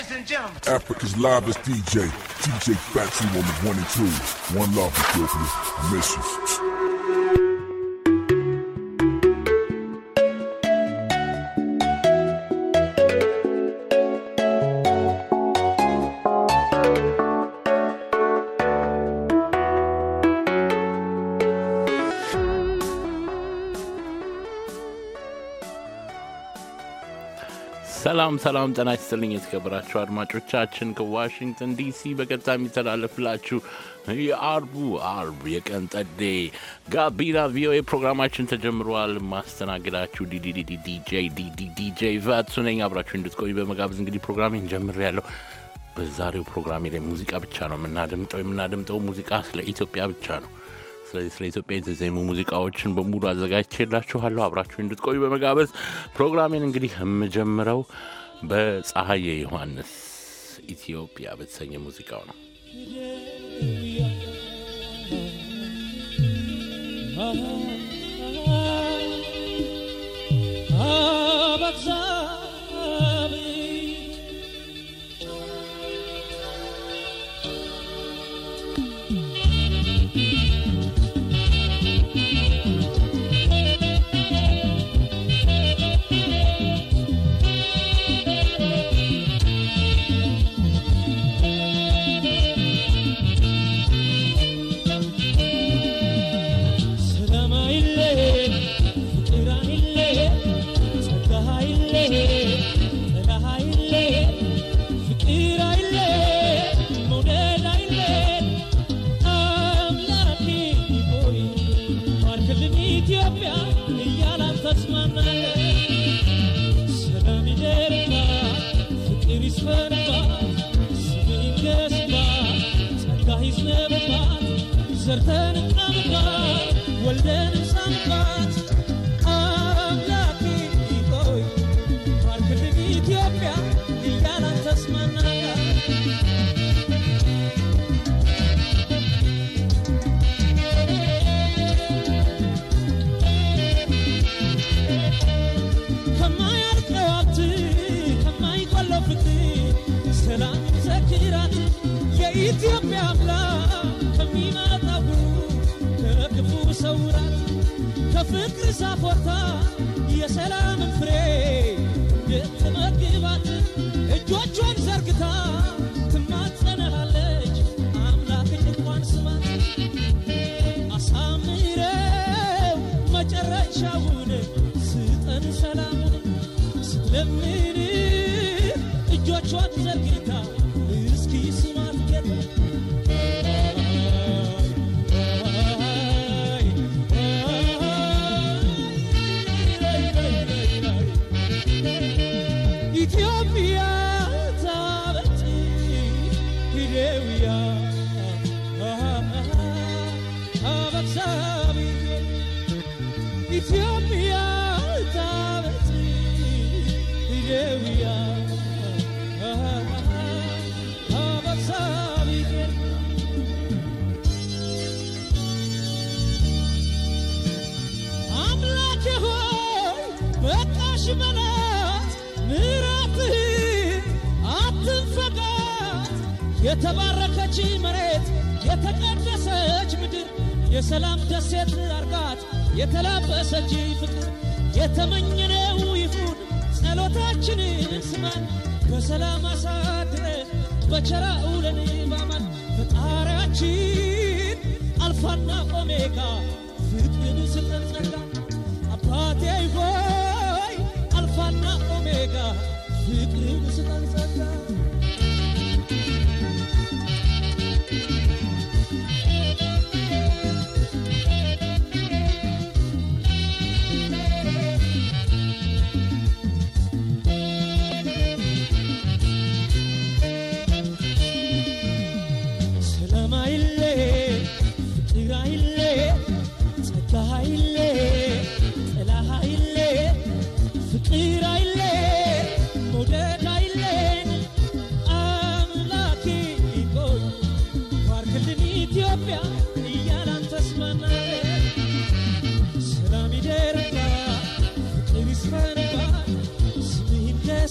ladies and gentlemen. Africa's livest DJ, DJ Fatsy on one and two. One love, Brooklyn. I miss you. ሰላም ሰላም፣ ጤና ይስጥልኝ የተከበራችሁ አድማጮቻችን ከዋሽንግተን ዲሲ በቀጥታ የሚተላለፍላችሁ የአርቡ አርብ የቀን ጠዴ ጋቢና ቪኦኤ ፕሮግራማችን ተጀምሯል። ማስተናግዳችሁ ዲዲዲዲዲጄ ቫቱ ነኝ። አብራችሁ እንድትቆዩ በመጋበዝ እንግዲህ ፕሮግራሜን ጀምሬያለሁ። በዛሬው ፕሮግራሜ ላይ ሙዚቃ ብቻ ነው የምናደምጠው። የምናደምጠው ሙዚቃ ስለ ኢትዮጵያ ብቻ ነው። ስለዚህ ስለ ኢትዮጵያ የተዜሙ ሙዚቃዎችን በሙሉ አዘጋጅቼላችኋለሁ። አብራችሁ እንድትቆዩ በመጋበዝ ፕሮግራሜን እንግዲህ የምጀምረው በፀሐየ ዮሐንስ ኢትዮጵያ በተሰኘ ሙዚቃው ነው። Oh የፍቅር ዛፎታ የሰላምን ፍሬ ልትመግባት እጆቿን ዘርግታ ትማጸነሃለች። አምላክን እንኳን ስማት አሳምረው መጨረሻውን ስጠን ሰላምን ስትለምን እጆቿን ዘርግታ የተባረከች መሬት የተቀደሰች ምድር የሰላም ደሴት አርጋት የተላበሰች ፍቅር የተመኘነው ይሁን ጸሎታችንን ስማን በሰላም አሳድረ በቸራ ውለን ባማን ፈጣሪያችን አልፋና ኦሜጋ ፍቅር ስጠን ጸጋ አባቴ ሆይ አልፋና ኦሜጋ ፍቅር ስጠን ጸጋ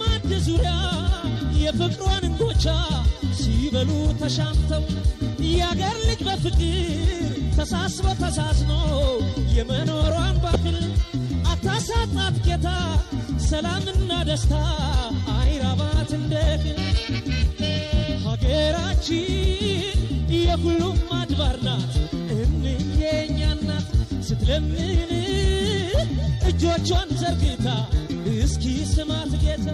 በማድ ዙሪያ የፍቅሯን እንጎቻ ሲበሉ ተሻምተው የአገር ልጅ በፍቅር ተሳስበ ተሳስኖ የመኖሯን ባክል አታሳጣት ጌታ ሰላምና ደስታ አይራባት እንዴት ሀገራችን የሁሉም አድባር ናት። እንየኛናት ስትለምን እጆቿን ዘርግታ እስኪ ስማት ጌታ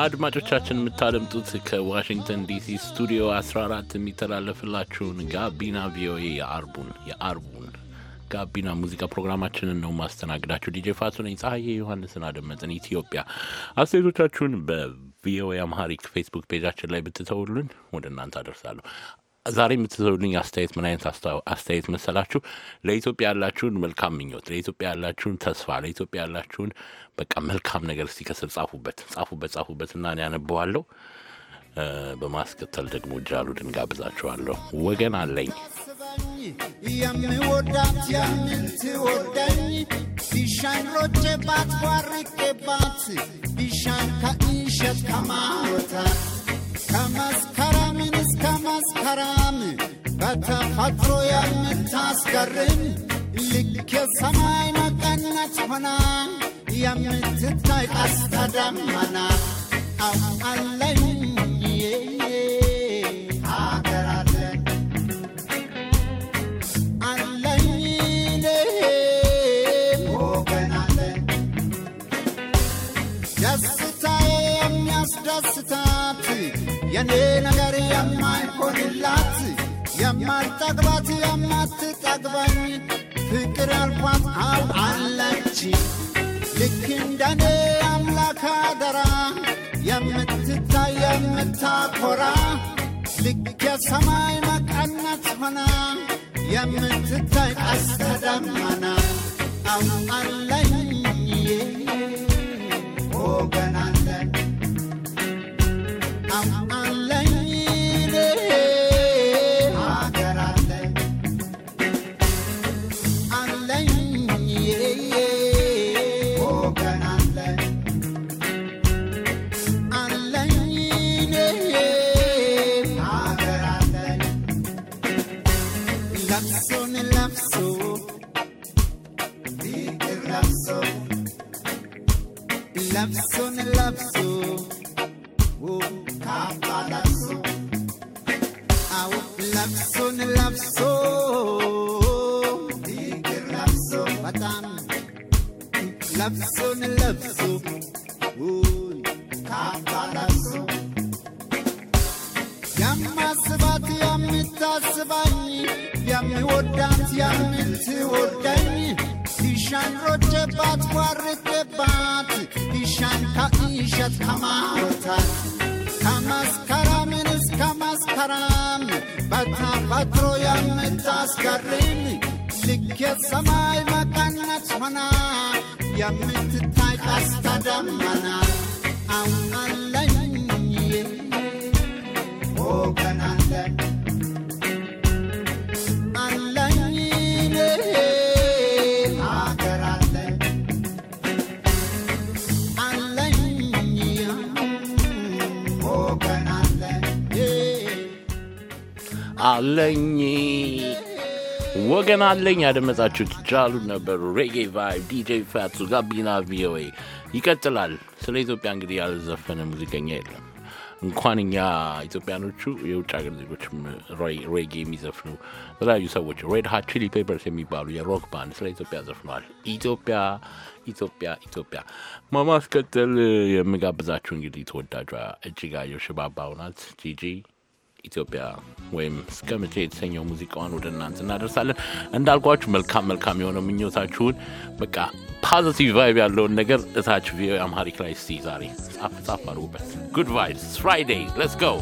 አድማጮቻችን የምታደምጡት ከዋሽንግተን ዲሲ ስቱዲዮ 14 የሚተላለፍላችሁን ጋቢና ቪኦኤ የአርቡን የአርቡን ጋቢና ሙዚቃ ፕሮግራማችንን ነው ማስተናግዳችሁ። ዲጄ ፋሱ ነኝ። ፀሐዬ ዮሐንስን አደመጥን። ኢትዮጵያ አስተያየቶቻችሁን በቪኦኤ አማሪክ ፌስቡክ ፔጃችን ላይ ብትተውሉን ወደ እናንተ አደርሳለሁ። ዛሬ የምትተውልኝ አስተያየት ምን አይነት አስተያየት መሰላችሁ? ለኢትዮጵያ ያላችሁን መልካም ምኞት፣ ለኢትዮጵያ ያላችሁን ተስፋ፣ ለኢትዮጵያ ያላችሁን በቃ መልካም ነገር እስቲ ከስር ጻፉበት፣ ጻፉበት፣ ጻፉበት እና እኔ ያነበዋለሁ። በማስከተል ደግሞ ጃሉድን ጋብዛችኋለሁ። ወገን አለኝ yameodatia minti odanyi bishanroche batwarike batsi bishanka inshe kamarota kamaskaramins kamaskarami በተፈጥሮ የምታስገርም ልክ የሰማይ መቀነት የኔ ነገር የማይሆንላት የማልጠግባት የማትጠግበኝ ፍቅር አልኳት አው አለች ልክ እንደኔ አምላክ አደራ የምትታይ የምታኮራ ልክ የሰማይ መቀነት ሆና የምትታይ ቀስተ ደመና አው አለኝ ጨባጭባት ዋርደባት ኢሻንካ ኢሸት ከማወታት ከመስከረምን እስከ መስከረም በተፈጥሮ የምታስገርም ልኬት ሰማይ መቀነት ሆና የምትታይ ቀስተ ደመና አሁን አለኝ ወገን አለኝ። ያደመጣችሁት ጃሉ ነበሩ። ሬጌ ቫይብ ዲጄ ፋቱ ጋቢና ቪኦኤ ይቀጥላል። ስለ ኢትዮጵያ እንግዲህ ያልዘፈነ ሙዚቀኛ የለም። እንኳን እኛ ኢትዮጵያኖቹ የውጭ ሀገር ዜጎችም ሬጌ የሚዘፍኑ የተለያዩ ሰዎች ሬድ ሀት ቺሊ ፔፐርስ የሚባሉ የሮክ ባንድ ስለ ኢትዮጵያ ዘፍነዋል። ኢትዮጵያ ኢትዮጵያ ኢትዮጵያ። በማስከተል የምጋብዛችሁ እንግዲህ ተወዳጇ እጅጋየሁ ሽባባው ናት ጂጂ ኢትዮጵያ ወይም እስከ መቼ የተሰኘው ሙዚቃዋን ወደ እናንተ እናደርሳለን። እንዳልኳችሁ መልካም መልካም የሆነ ምኞታችሁን በቃ ፖዘቲቭ ቫይብ ያለውን ነገር እታች ቪኦኤ አምሃሪክ ላይ እስቲ ዛሬ ጻፍ ጻፍ አድርጉበት። ጉድ ቫይብስ ፍራይዴይ ሌትስ ጎ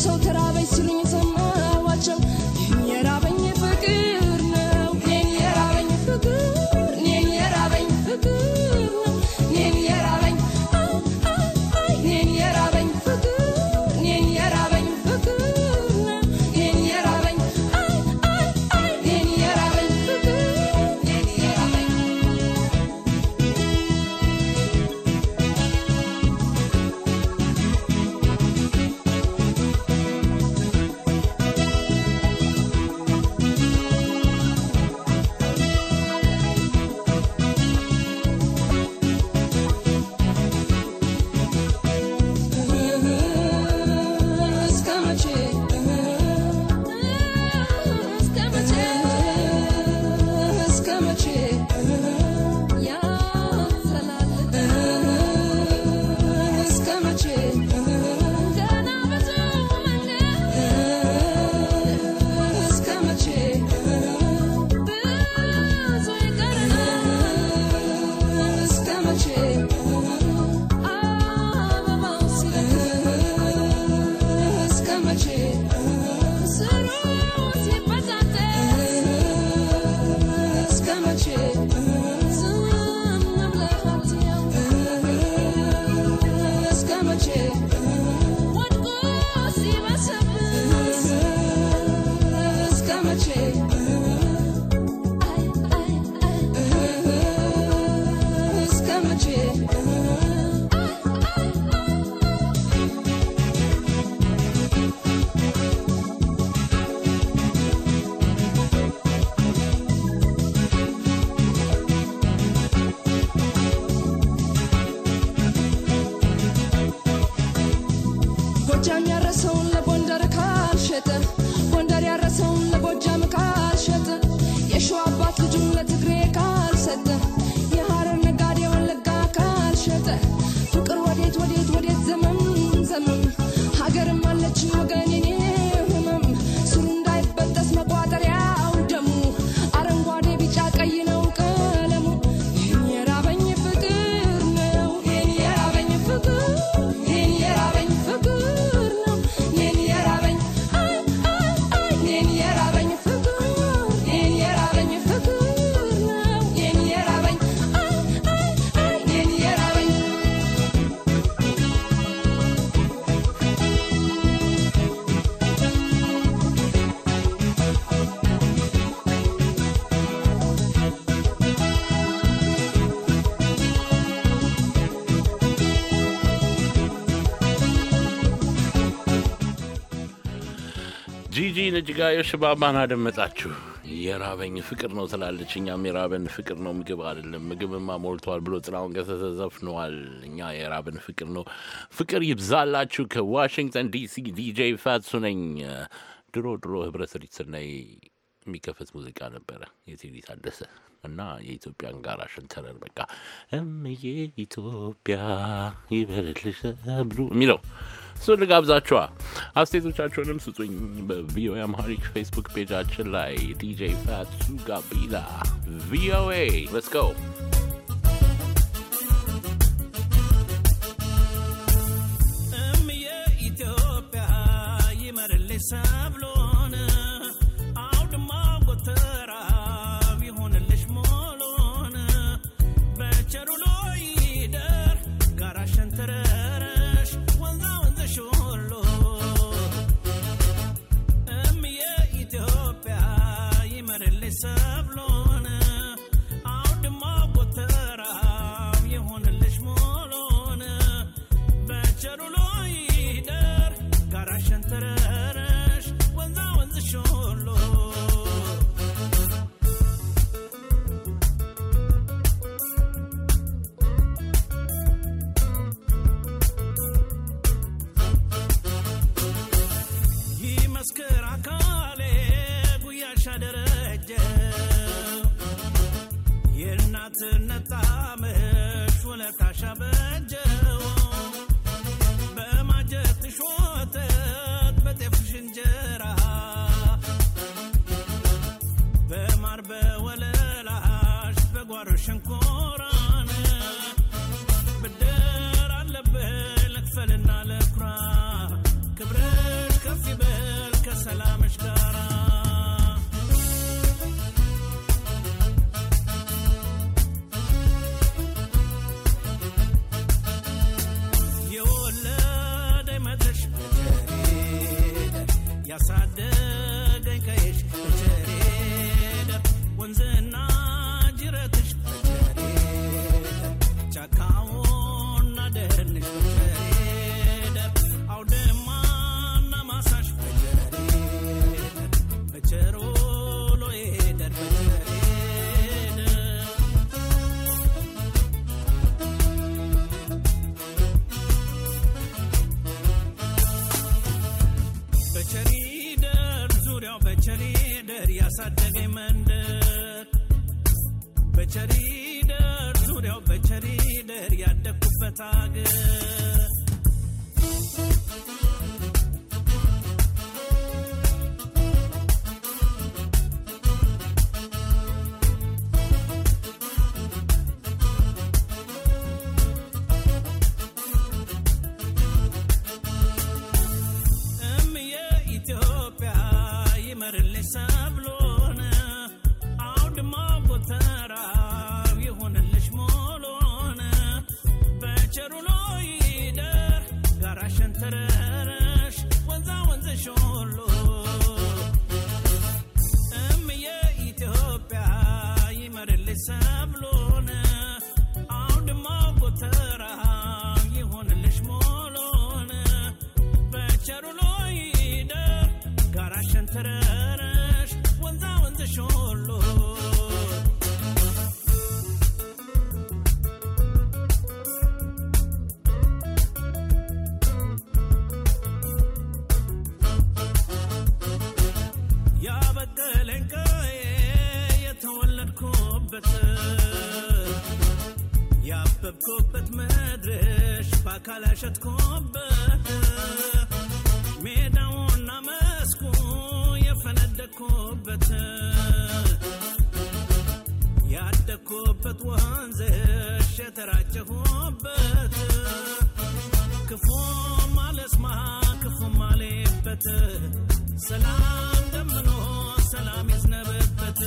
solterá, vai se So. ልጅ ጋር የሽባባን አደመጣችሁ። የራበኝ ፍቅር ነው ትላለች፣ እኛም የራበን ፍቅር ነው ምግብ አይደለም። ምግብማ ሞልቷል ብሎ ጥላሁን ገሰሰ ዘፍኗል። እኛ የራበን ፍቅር ነው። ፍቅር ይብዛላችሁ። ከዋሽንግተን ዲሲ ዲጄ ፋትሱ ነኝ። ድሮ ድሮ ህብረት ሪት ላይ የሚከፈት ሙዚቃ ነበረ የቴዲ ታደሰ እና የኢትዮጵያን ጋራ ሸንተረር በቃ እምዬ ኢትዮጵያ ይበልልሽ ብሉ የሚለው እሱ ልጋብዛችኋ። አስተያየቶቻችሁንም ስጡኝ። በቪኦኤ አምሃሪክ ፌስቡክ ፔጃችን ላይ ዲጄ ፋቱ ጋቢላ ቪኦኤ ለስከው I'm ይዝነብበት ሰላም ለምኖ ሰላም ይዝነብበት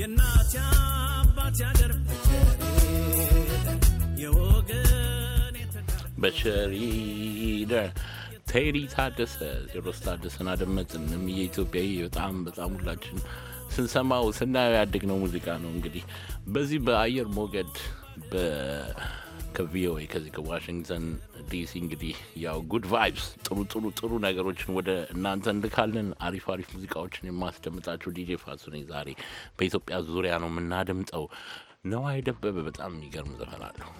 የእናት አባት ያገር የወገን ቴሪ ታደሰ ቴዎድሮስ ታደሰን አደመጥን። የኢትዮጵያዊ በጣም በጣም ሁላችን ስንሰማው ስናየው ያደግነው ሙዚቃ ነው። እንግዲህ በዚህ በአየር ሞገድ ከቪኦኤ ከዚህ ከዋሽንግተን ዲሲ እንግዲህ ያው ጉድ ቫይብስ ጥሩ ጥሩ ጥሩ ነገሮችን ወደ እናንተ እንልካለን። አሪፍ አሪፍ ሙዚቃዎችን የማስደምጣቸው ዲጄ ፋሱ ነኝ። ዛሬ በኢትዮጵያ ዙሪያ ነው የምናደምጠው። ነዋይ ደበበ በጣም የሚገርም ዘፈን አለው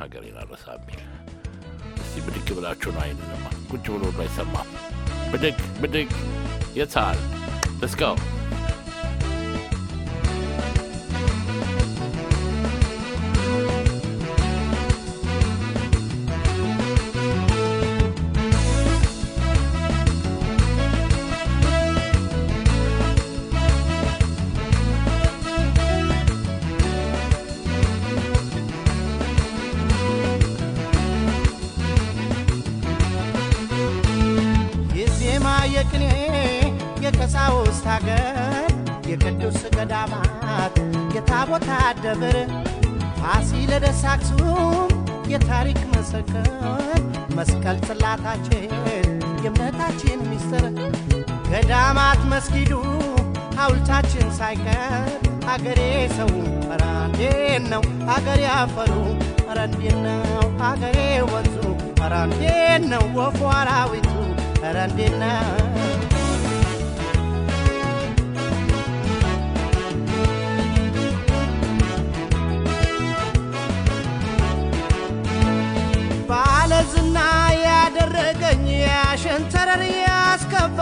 ሀገሬን አረሳ የሚል እስቲ ብድግ ብላችሁ ነው አይንማ ቁጭ ብሎ አይሰማም። ብድግ ብድግ የታል? Let's ገዳማት የታቦታ ደብር ፋሲለደስ አክሱም የታሪክ መሰከን መስቀል ጽላታችን የእምነታችን ሚስጥር ገዳማት መስጊዱ ሐውልታችን ሳይቀር አገሬ ሰው ኧረ ነው አገሬ አፈሩ ረንዴን ነው አገሬ ወንዙ ኧረ ነው ወፏራዊቱ ረንዴን ነው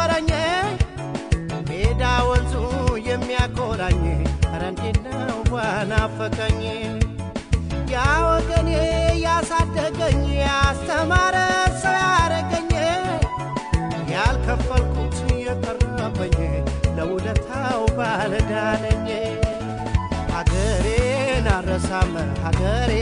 ያወራኝ ሜዳ ወንዙ የሚያኮራኝ ረንዲነው ዋናፈቀኝ ያ ወገኔ ያሳደገኝ ያስተማረ ሰው ያረገኝ ያልከፈልኩት የቀረበኝ ለውለታው ባለዳነኝ ሀገሬን አረሳም ሀገሬ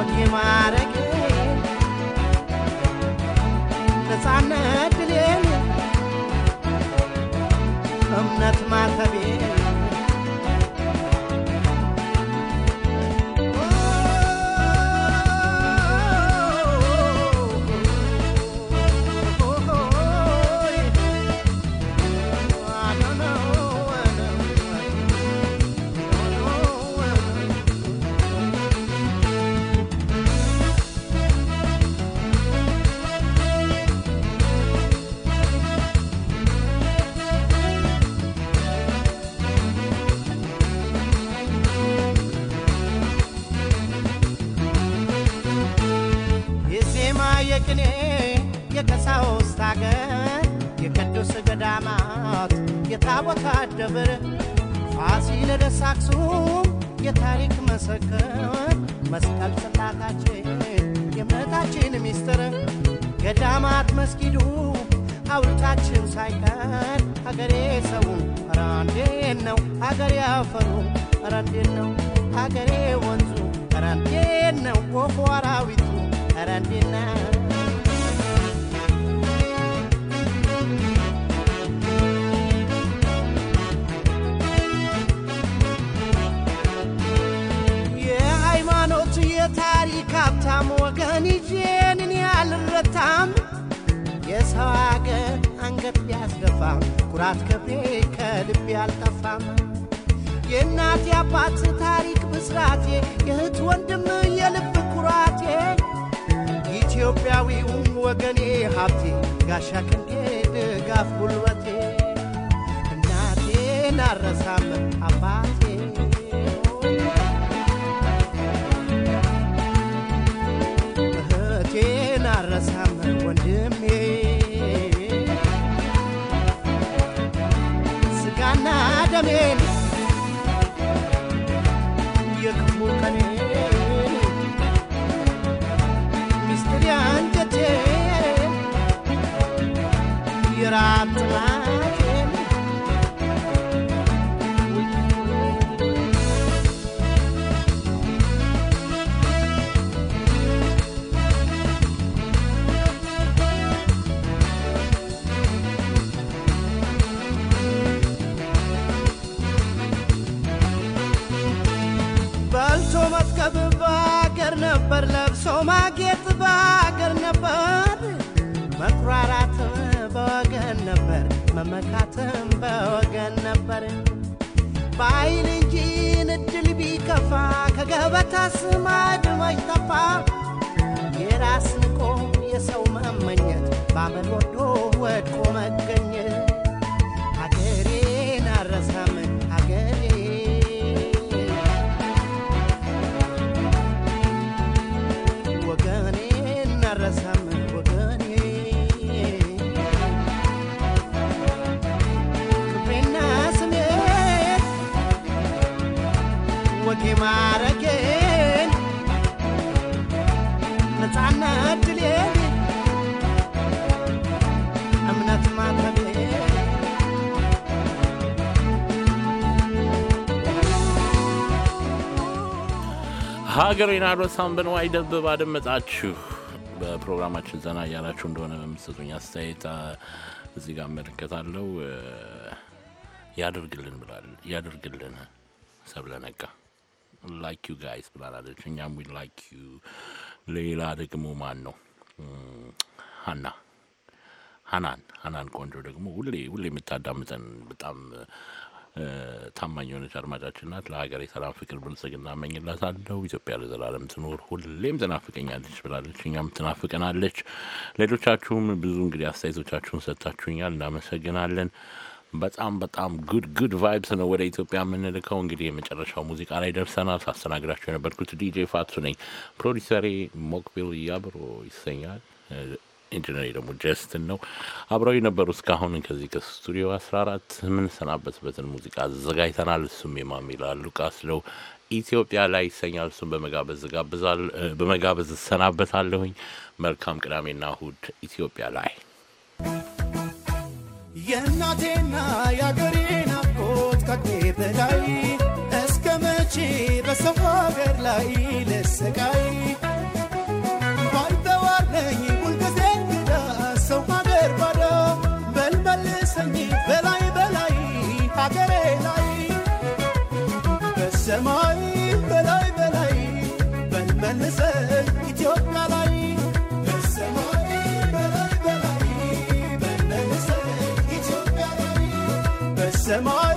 ሞት የማረግ ነፃነት ድሌን እምነት ማተቤ የታሪክ መሰከር መስቀል ጽላታችን የእምነታችን ሚስጥር ገዳማት መስጊዱ ሐውልታችን ሳይቀር ሀገሬ ሰው ኧረ ነው አገሬ አፈሩ ኧረ ነው ሀገሬ ወንዙ ኧረ ነው ወፎ አራዊቱ ነው ታሪክ ካብታም ወገን ይዤን ያልረታም! የሰው አገር አንገት ቢያስደፋም ኩራት ከቤ ከልቤ አልጠፋም። የእናት አባት ታሪክ ብስራቴ የእህት ወንድም የልብ ኩራቴ ኢትዮጵያዊውም ወገኔ ሀብቴ ጋሻ ክንዴ ድጋፍ ጉልበቴ እናቴን አረሳምን coming. ሰው ማጌጥ በሀገር ነበር፣ መኩራራትም በወገን ነበር፣ መመካትም በወገን ነበር። በኃይል እንጂ ንድል ቢከፋ ከገበታ ስማድ መች ጠፋ? የራስ ንቆ የሰው መመኘት በአመድ ወዶ ወድቆ መገኘት ሀገሬን አልረሳም በነዋይ ደበብ አደመጣችሁ። በፕሮግራማችን ዘና እያላችሁ እንደሆነ በምትሰጡኝ አስተያየት እዚህ ጋር እመለከታለሁ። ያደርግልን ብላል። ያደርግልን ሰብለ ነጋ ላይክ ዩ ጋይስ ብላላለች። እኛም ዊ ላይክ ዩ። ሌላ ደግሞ ማን ነው? ሀና ሀናን ሀናን ቆንጆ ደግሞ ሁሌ ሁሌ የምታዳምጠን በጣም ታማኝ የሆነች አድማጫችን ናት። ለሀገር የሰላም ፍቅር፣ ብልጽግና እመኝላታለሁ። ኢትዮጵያ ለዘላለም ትኖር፣ ሁሌም ትናፍቀኛለች ብላለች፣ እኛም ትናፍቀናለች። ሌሎቻችሁም ብዙ እንግዲህ አስተያየቶቻችሁን ሰጥታችሁኛል፣ እናመሰግናለን። በጣም በጣም ጉድ ጉድ ቫይብስ ነው ወደ ኢትዮጵያ የምንልከው። እንግዲህ የመጨረሻው ሙዚቃ ላይ ደርሰናል። ሳስተናግዳቸው የነበርኩት ዲጄ ፋቱ ነኝ። ፕሮዲሰሬ ሞክቢል እያብሮ ይሰኛል። ኢንጂነር ደግሞ ጀስትን ነው አብረው የነበሩ። እስካሁን ከዚህ ከስቱዲዮ 14 የምንሰናበትበትን ሙዚቃ አዘጋጅተናል። እሱም የማሚላ ሉቃስ ነው ኢትዮጵያ ላይ ይሰኛል። እሱም በመጋበዝ እሰናበታለሁኝ። መልካም ቅዳሜና እሁድ። ኢትዮጵያ ላይ የእናቴና የአገሬ ናፍቆት ከአቅሜ በላይ እስከ መቼ በሰው ሀገር ላይ ልሰቃይ zaman